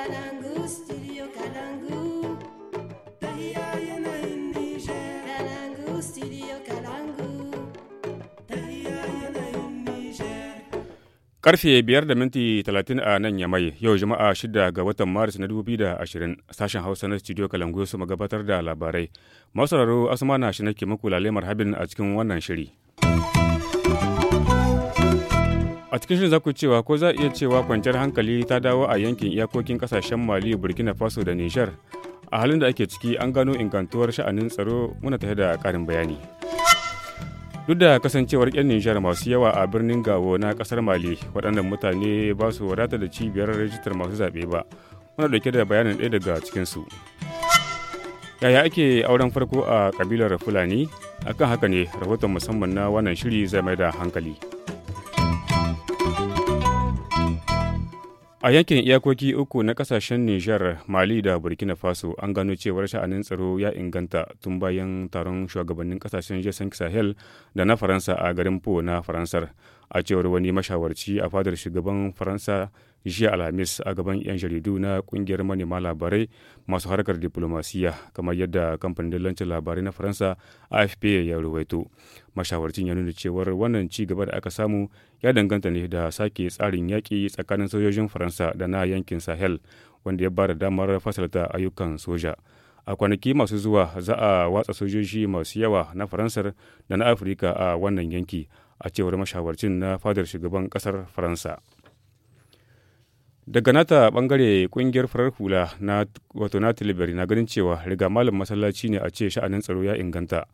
Kalangu, studio Karfe biyar da minti talatin a nan ya Yamai, yau Juma'a shida ga watan Maris na ashirin sashen Hausa na Studio Kalangu su gabatar da labarai. Masu asuma Asmana shi nake muku lalemar habin a cikin wannan shiri. a cikin shirin za ku cewa ko za iya cewa kwanciyar hankali ta dawo a yankin iyakokin kasashen mali burkina faso da nijar a halin da ake ciki an gano ingantuwar sha'anin tsaro muna tare da karin bayani duk da kasancewar 'yan nijar masu yawa a birnin gawo na kasar mali waɗannan mutane ba su wadata da cibiyar rajistar masu zaɓe ba muna ɗauke da bayanin ɗaya daga cikinsu yaya ake auren farko a kabilar fulani akan haka ne rahoton musamman na wannan shiri zai mai da hankali A yankin iyakoki uku na kasashen Nijar, Mali da Burkina Faso an gano cewar sha'anin tsaro ya inganta tun bayan taron shugabannin kasashen jason Sahel da na Faransa a garin Po na Faransar. A cewar wani mashawarci a fadar shugaban Faransa jiya alhamis a gaban 'yan jaridu na kungiyar manema labarai masu harkar diplomasiya kamar yadda kamfanin dillancin labarai na faransa afp ya ruwaito mashawarcin ya nuna cewar wannan ci gaba da aka samu ya danganta ne da sake tsarin yaƙi tsakanin sojojin faransa da na yankin sahel wanda ya bada damar fasalta ayyukan soja a kwanaki masu zuwa za a watsa sojoji masu yawa na faransar da na afirka a wannan yanki a cewar mashawarcin na fadar shugaban ƙasar faransa daga nata bangare kungiyar farar hula na wato na tilibiri na ganin cewa riga malam masallaci ne a ce sha'anin tsaro ya inganta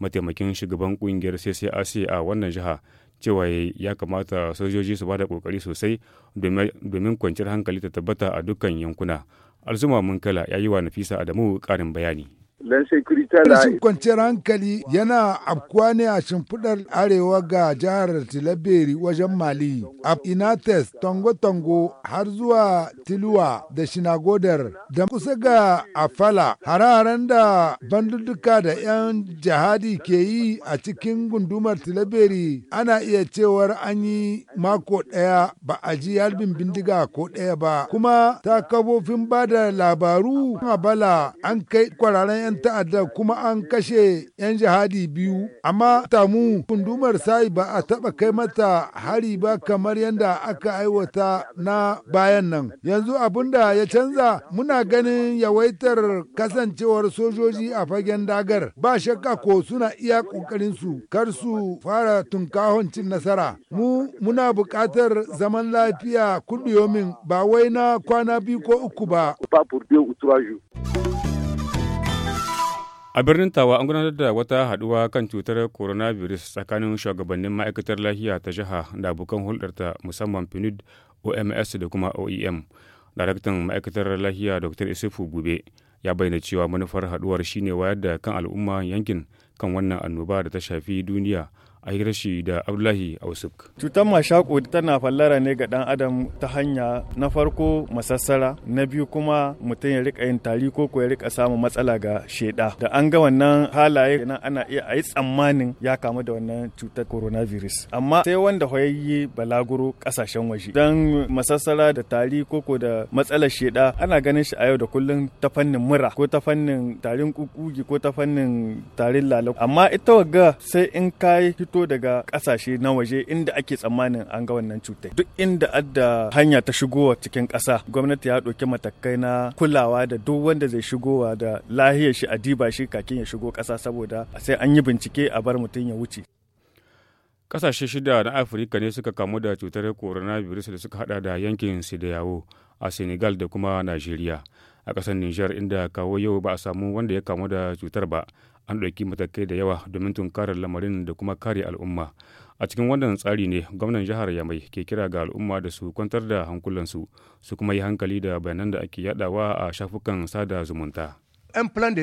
mataimakin shugaban kungiyar ccac a wannan jiha cewa ya kamata sojoji su ba da kokari sosai domin kwanciyar hankali ta tabbata a dukkan yankuna alzuma munkala ya yi wa nafisa adamu karin bayani Rashin kwanciyar hankali yana afkuwa ne a shimfiɗar arewa ga jihar Tilaberi wajen Mali, a Inates, Tongo-Tongo har zuwa Tiluwa da Shinagodar da kusa ga Afala, hare-haren da bandudduka da 'yan jihadi ke yi a cikin gundumar Tilaberi ana iya cewar an yi mako ɗaya ba a ji harbin bindiga ko ɗaya ba, kuma ta kafofin ba da labaru a an kai kwararen 'yan ta'adda kuma an kashe 'yan jihadi biyu amma tamu kundumar sai ba a taba kai mata hari ba kamar yadda aka aiwata na bayan nan yanzu abin da ya canza muna ganin yawaitar kasancewar sojoji a fagen dagar ba shakka ko suna iya su kar su fara tunkahon cin nasara mu muna buƙatar zaman lafiya kuɗiyomin ba wai na kwana biyu ko uku ba. A birnin Tawa an gudanar da wata haduwa kan cutar coronavirus tsakanin shugabannin ma'aikatar lafiya ta jiha da abokan hulɗarta musamman PNUD, OMS da kuma OEM. Daraktan ma'aikatar lafiya Dr. Isufu Gube ya bayyana cewa manufar haduwar shine wayar da kan al'umma yankin kan wannan annoba da ta shafi duniya a hirar shida da abdullahi ausuk cutar mashako tana fallara ne ga dan adam ta hanya na farko masassara na biyu kuma mutum ya rika yin tari ko ko ya rika samun matsala ga sheda da an ga wannan halaye nan ana iya a tsammanin ya kamu da wannan cutar coronavirus amma sai wanda hoyayye balaguro kasashen waje dan masassara da tari ko ko da matsalar sheda ana ganin shi a yau da kullum ta fannin mura ko ta fannin tarin kukugi ko ta fannin tarin lalau amma ita wagga sai in kai fito daga kasashe na waje inda ake tsammanin an ga wannan cutar duk inda adda hanya ta shigowa cikin kasa gwamnati ya ɗauki matakai na kulawa da duk wanda zai shigowa da lahiyar shi a diba shi kakin ya shigo kasa saboda sai an yi bincike a bar mutum ya wuce kasashe shida na afirka ne suka kamu da cutar coronavirus da suka hada da yankin sidiyawo a senegal da kuma nigeria a ƙasar niger inda kawo yau ba a samu wanda ya kamu da cutar ba an ɗauki matakai da yawa domin tunkarar lamarin da kuma kare al'umma a cikin wannan tsari ne gwamnan jihar yamai ke kira ga al'umma da su kwantar da hankulansu su kuma yi hankali da bayanan da ake yadawa a shafukan sada zumunta plan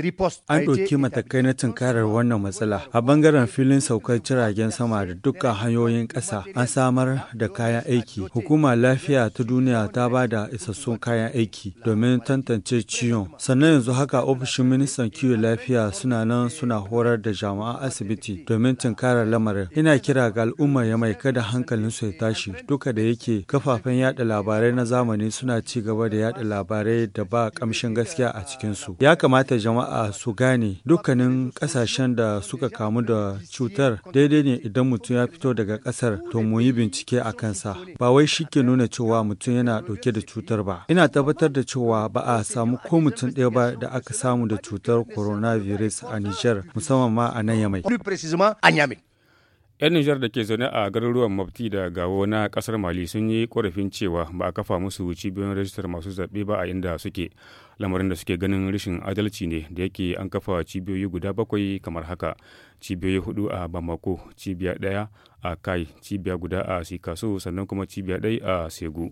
An ɗauki matakai na tunkarar wannan matsala. A bangaren filin saukar jiragen sama da dukkan hanyoyin ƙasa an samar da kayan aiki. Hukuma lafiya ta duniya ta ba da isassun kayan aiki domin tantance ciwon. Sannan yanzu haka ofishin ministan kiwon lafiya suna nan suna horar da jama'a asibiti domin tunkarar lamarin. Ina kira ga al'ummar ya mai kada su ya tashi duka da yake kafafen yada labarai na zamani suna ci gaba da yada labarai da ba kamshin gaskiya a cikinsu. Ya kamata kamata jama'a su gane dukkanin kasashen da suka kamu da cutar daidai ne idan mutum ya fito daga kasar to mu yi bincike a kansa. Ba wai shi ke nuna cewa mutum yana dauke da cutar ba. Ina tabbatar da cewa ba a samu ko mutum ɗaya ba da aka samu da cutar coronavirus a Nijar musamman ma a nan Yamai. 'Yan Nijar da ke zaune a garuruwan Mafti da Gawo na kasar Mali sun yi korafin cewa ba a kafa musu cibiyoyin rajistar masu zaɓe ba a inda suke, lamarin da suke ganin rashin adalci ne da yake an kafa cibiyoyi guda bakwai kamar haka, cibiyoyi hudu a Bamako, cibiya ɗaya a Kai, cibiya guda a Sikaso sannan kuma cibiya ɗaya a Segu.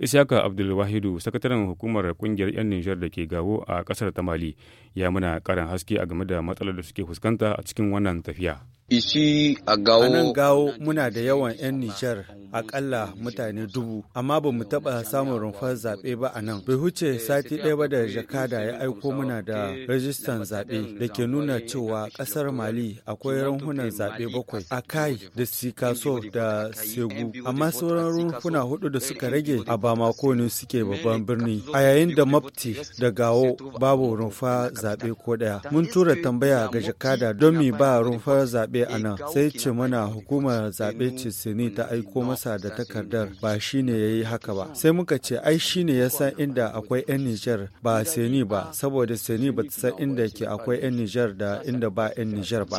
ishaka Abdulwahidu, sakataren hukumar kungiyar 'yan Nijar da ke gawo a kasar ta Mali, ya muna karin haske a game da matsalar da suke fuskanta a cikin wannan tafiya. Ishi a gawo. nan gawo muna da yawan 'yan Nijar akalla mutane dubu, amma ba mu taɓa samun rumfar zaɓe ba a nan. Bai huce sati ɗaya ba da jakada ya aiko muna da rajistan zaɓe da ke nuna cewa ƙasar Mali akwai ranhunan zaɓe bakwai a Kai da Sikaso da Segu, amma sauran rumfuna hudu da suka rage a Bamako ne suke babban birni. A yayin da Mafti da Gawo babu rumfa zaɓe ko ɗaya. Mun tura tambaya ga jakada don mi ba rumfar zaɓe zaɓe a eh, nan sai ce mana hukumar zaɓe ce sini ta aiko masa da takardar ba shi ne ya yi haka ba sai muka ce ai shi ne ya san inda akwai 'yan nijar ba sini ba saboda sini ba ta san inda ke akwai 'yan nijar da inda ba 'yan nijar ba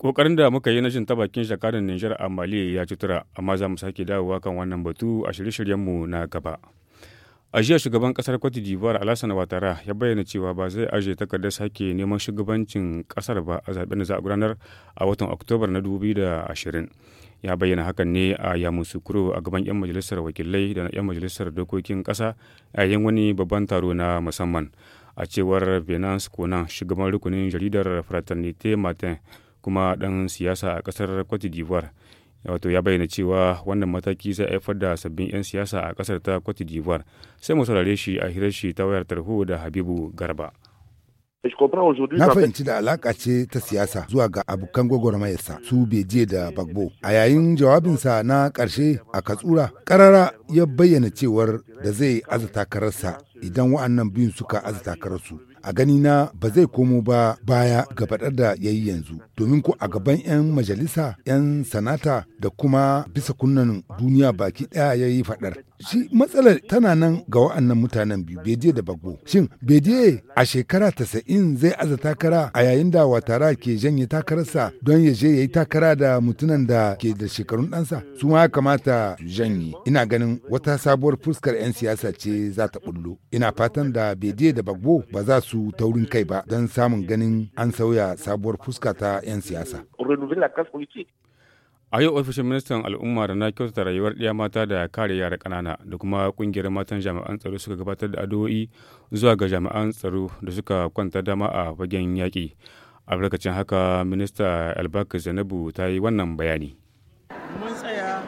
Ƙoƙarin da muka yi na jin ta bakin Nijar a Mali ya ci tura, amma za mu sake dawowa kan wannan batu a shirye-shiryenmu na gaba. A jiya shugaban kasar Cote d'Ivoire Alassane Ouattara ya bayyana cewa ba zai ajiye takardar sake neman shugabancin kasar ba a zaben da za a gudanar a watan Oktobar na 2020. Ya bayyana hakan ne a Yamoussoukro a gaban 'yan majalisar wakilai da 'yan majalisar dokokin kasa yayin wani babban taro na musamman. A cewar Venance Conan shugaban rukunin jaridar Fraternité Matin kuma dan siyasa a kasar Cote d'Ivoire. wato ya bayyana cewa wannan mataki zai haifar da sabbin 'yan siyasa a kasar ta cote d'ivoire sai mu saurare shi a hirar shi ta wayar tarho da habibu garba Na fahimci da alaka ce ta siyasa zuwa ga abokan gwagwarmayarsa su Beje da Bagbo. A yayin jawabinsa na karshe a Katsura, karara ya bayyana cewar da zai aza takararsa idan wa'annan biyun suka aza takararsu. a gani na ba zai komo ba baya ga faɗar da ya yi yanzu domin ko a gaban 'yan majalisa 'yan sanata da kuma bisa kunnan duniya baki ɗaya ya yi faɗar shi matsalar tana nan ga wa'annan mutanen biyu beje da bagbo shin beje a shekara tasa'in zai aza takara a yayin da watara ke janye takararsa don ya je ya yi takara da mutunan da ke da shekarun ɗansa su ma kamata janye ina ganin wata sabuwar fuskar 'yan siyasa ce za ta bullo ina fatan da beje da bagbo ba za su taurin kai ba don samun ganin an sauya sabuwar fuska ta 'yan siyasa A yau ofishin ministan al'umma da na kyautata rayuwar ɗiya mata da kare yara ƙanana da kuma ƙungiyar matan jami'an tsaro suka gabatar da addu'o'i zuwa ga jami'an tsaro da suka kwanta dama a fagen yaƙi. lokacin haka minista Albaka Zainabu ta yi wannan bayani. Mun tsaya,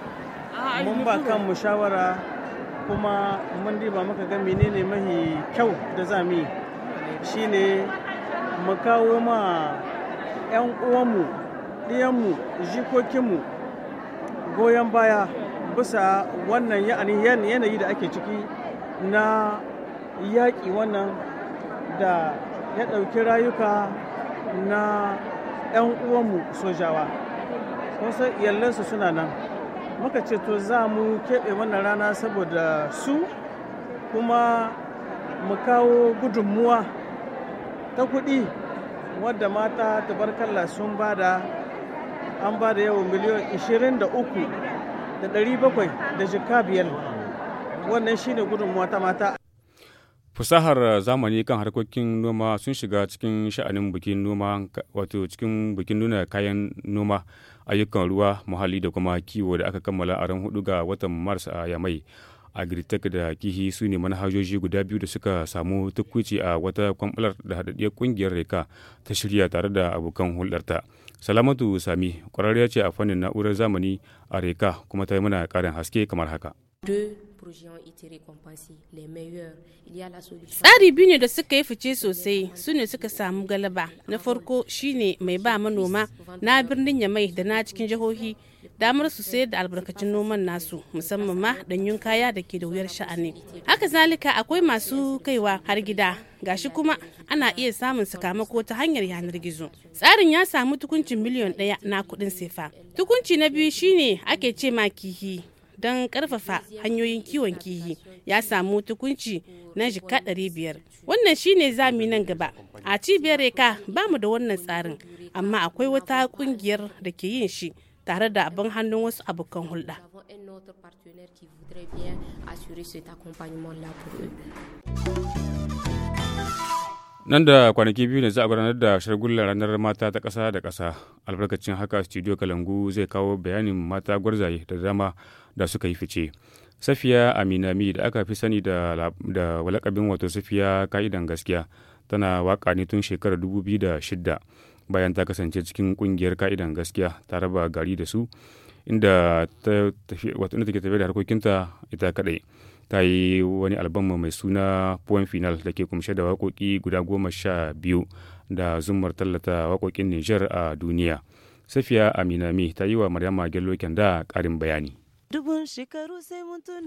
mun ba kanmu shawara kuma mun diba muka ga menene mahi kyau da za mu yi shine mu kawo ma 'yan uwanmu, ɗiyanmu, jikokinmu goyon baya bisa wannan yanayi da ake ciki na yaƙi wannan da ya ɗauki rayuka na 'yan uwanmu sojawa kusa iyalansu suna nan muka ce to za mu keɓe wannan rana saboda su kuma mu kawo gudunmuwa ta kuɗi wadda mata tabarkalla sun bada an ba da yawan miliyan 23 da 700 da jika biyar wannan shine gudun ta mata fusahar zamani kan harkokin noma sun shiga cikin sha'anin bikin noma wato cikin bikin nuna kayan noma ayyukan ruwa muhalli da kuma kiwo da aka kammala a ran hudu ga watan mars a yamai agritech da kihi su ne manhajoji guda biyu da suka samu tukwici a wata kwamfular da haɗaɗɗiyar ƙungiyar reka ta shirya tare da abokan hulɗarta. Salamatu Sami ƙwararriya ce a fannin na'urar zamani a Reka kuma ta yi mana ƙarin haske kamar haka. Tsari biyu ne da suka yi fice sosai su ne suka samu galaba. Na farko shine mai ba manoma na birnin Yamai da na cikin jihohi damar su sayar da albarkacin noman nasu musamman ma danyun kaya da ke da wuyar sha'ani haka zalika akwai masu kaiwa har gida gashi kuma ana iya samun sakamako ta hanyar yanar gizo tsarin ya samu tukuncin miliyon ɗaya na kuɗin sefa tukunci na biyu shine ake ce ma kihi don karfafa hanyoyin kiwon kihi ya samu tukunci na jika biyar wannan shine zami nan gaba a cibiyar reka ba mu da wannan tsarin amma akwai wata kungiyar da ke yin shi tare da abin hannun wasu abokan hulɗa. Nan da kwanaki biyu ne za a gudanar da shagullar ranar mata ta ƙasa da ƙasa. Albarkacin haka studio Kalangu zai kawo bayanin mata gwarzaye da dama da suka yi fice. Safiya Aminami da aka fi sani da, da walakabin wato Safiya ka'idan gaskiya tana waka ne tun shekarar 2006. bayan ta kasance cikin kungiyar ka'idan gaskiya ta raba gari da su inda ta tafi wato inda take tafiya da harkokinta ita kadai ta yi wani albama mai suna poem final da ke kumshe da waƙoƙi guda goma sha biyu da zumar tallata waƙoƙin Nijar a duniya. Safiya Aminami ta yi wa Maryama Gello Kenda ƙarin bayani.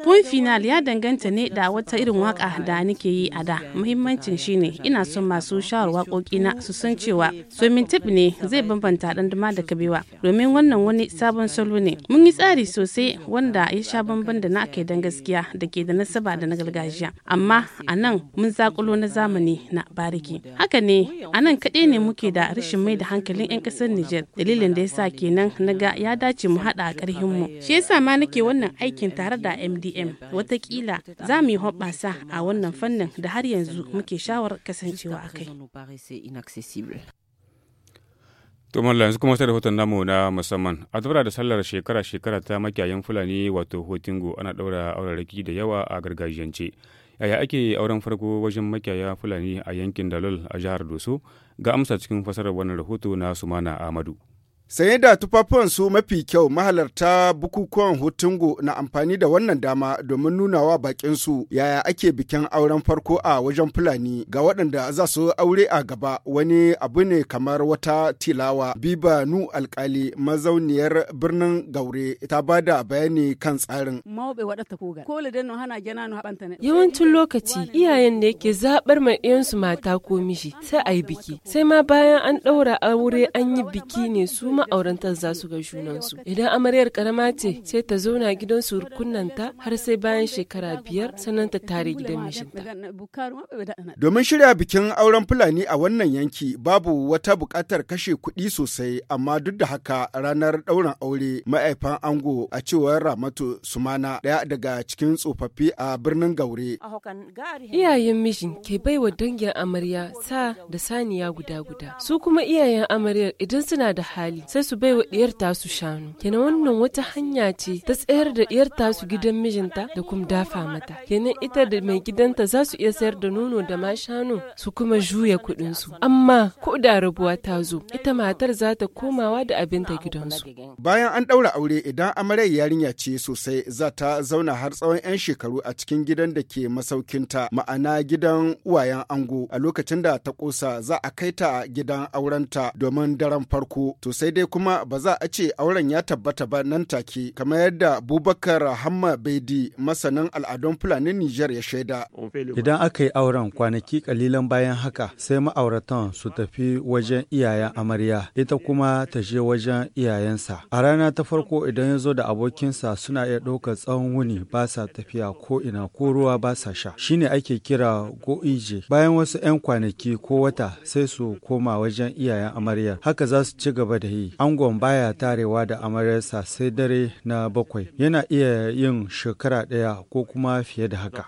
Point final ya danganta ne da wata irin waka da nake yi a da. Muhimmancin shine ina son masu shawar waƙoƙi na su san cewa swimming tip ne zai bambanta dan dama da kabewa domin wannan wani sabon salo ne. Mun yi tsari sosai wanda ya sha bamban da na kai dan gaskiya da ke da nasaba da na gargajiya. Amma a nan mun zakulo na zamani na bariki. Haka ne a nan kaɗai ne muke da rashin mai da hankalin 'yan ƙasar Nijar dalilin da ya sa kenan na ga ya dace mu haɗa a mu Shi yasa ma nake muke wannan aikin tare da MDM watakila za mu yi hoɓasa a wannan fannin da har yanzu muke shawar kasancewa a kai. to mallam yanzu kuma sai rahoton namu na musamman a tabara da sallar shekara-shekara ta makiyayan fulani wato hotingo ana daura auraraki da yawa a gargajiyance yaya ake auren farko wajen makiyaya fulani a yankin dalol a jihar doso ga amsa cikin fasarar wannan rahoto na sumana ahmadu Sanye da tufafin su mafi kyau mahalarta bukukuwan hutungu na amfani da wannan dama domin nuna wa bakinsu yaya ake bikin auren farko a wajen Fulani ga waɗanda za su aure a gaba wani abu ne kamar wata tilawa. Biba Nu alkali mazauniyar birnin Gaure ta ba da bayani kan tsarin. Yawancin lokaci iyayen ne ke zaɓar mai 'yansu mata ko mishi sai a yi biki. Sai ma bayan an ɗaura aure an yi biki ne su kuma ma'aurantar za su ga junansu idan amaryar karama ce sai ta zauna gidan ta har sai bayan shekara biyar sannan ta tare gidan mijinta domin shirya bikin auren fulani a wannan yanki babu wata buƙatar kashe kuɗi sosai amma duk da haka ranar ɗaurin aure ma'aifan ango a cewar ramatu sumana daya daga cikin tsofaffi a birnin gaure iyayen mijin ke baiwa dangin amarya sa da saniya guda guda su kuma iyayen amaryar idan suna da hali sai su baiwa diyar tasu shanu kenan wannan wata hanya ce ta tsayar da diyar tasu gidan mijinta da kuma dafa mata kenan ita da mai gidanta za su iya sayar da nono da ma shanu su kuma juya kuɗin su amma ko da rabuwa ta zo ita matar za ta komawa da abin abinta gidansu bayan an ɗaura aure idan amaryar yarinya ce sosai za ta zauna har tsawon 'yan shekaru a cikin gidan da ke masaukinta ma'ana gidan uwayen ango a lokacin da ta kosa za a kai ta gidan aurenta domin daren farko to sai dai kuma ba za a ce auren ya tabbata ba nan take kamar yadda Bubakar Hamma Bedi masanin al'adun Fulani Nijar ya shaida. Idan aka yi auren kwanaki kalilan bayan haka sai ma'auratan su tafi wajen iyayen amarya ita kuma ta je wajen iyayensa. A rana ta farko idan ya zo da abokinsa suna iya ɗaukar tsawon wuni ba sa tafiya ko ina ko ruwa ba sa sha. Shine ake kira go'ije. Bayan wasu 'yan kwanaki ko wata sai su koma wajen iyayen amarya. Haka za su ci gaba da yi angon baya tarewa da amaryarsa sai dare na bakwai yana iya yin shekara ɗaya ko kuma fiye da haka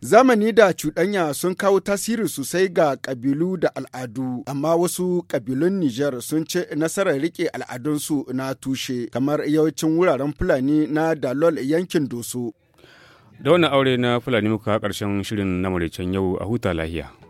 zamani da cuɗanya sun kawo tasiri sosai ga ƙabilu da al'adu amma wasu ƙabilun nijar sun ce nasarar riƙe al'adunsu na tushe kamar yawancin wuraren fulani na dalol yankin doso da wani aure na fulani muka ƙarshen shirin na maraicen yau a huta lahiya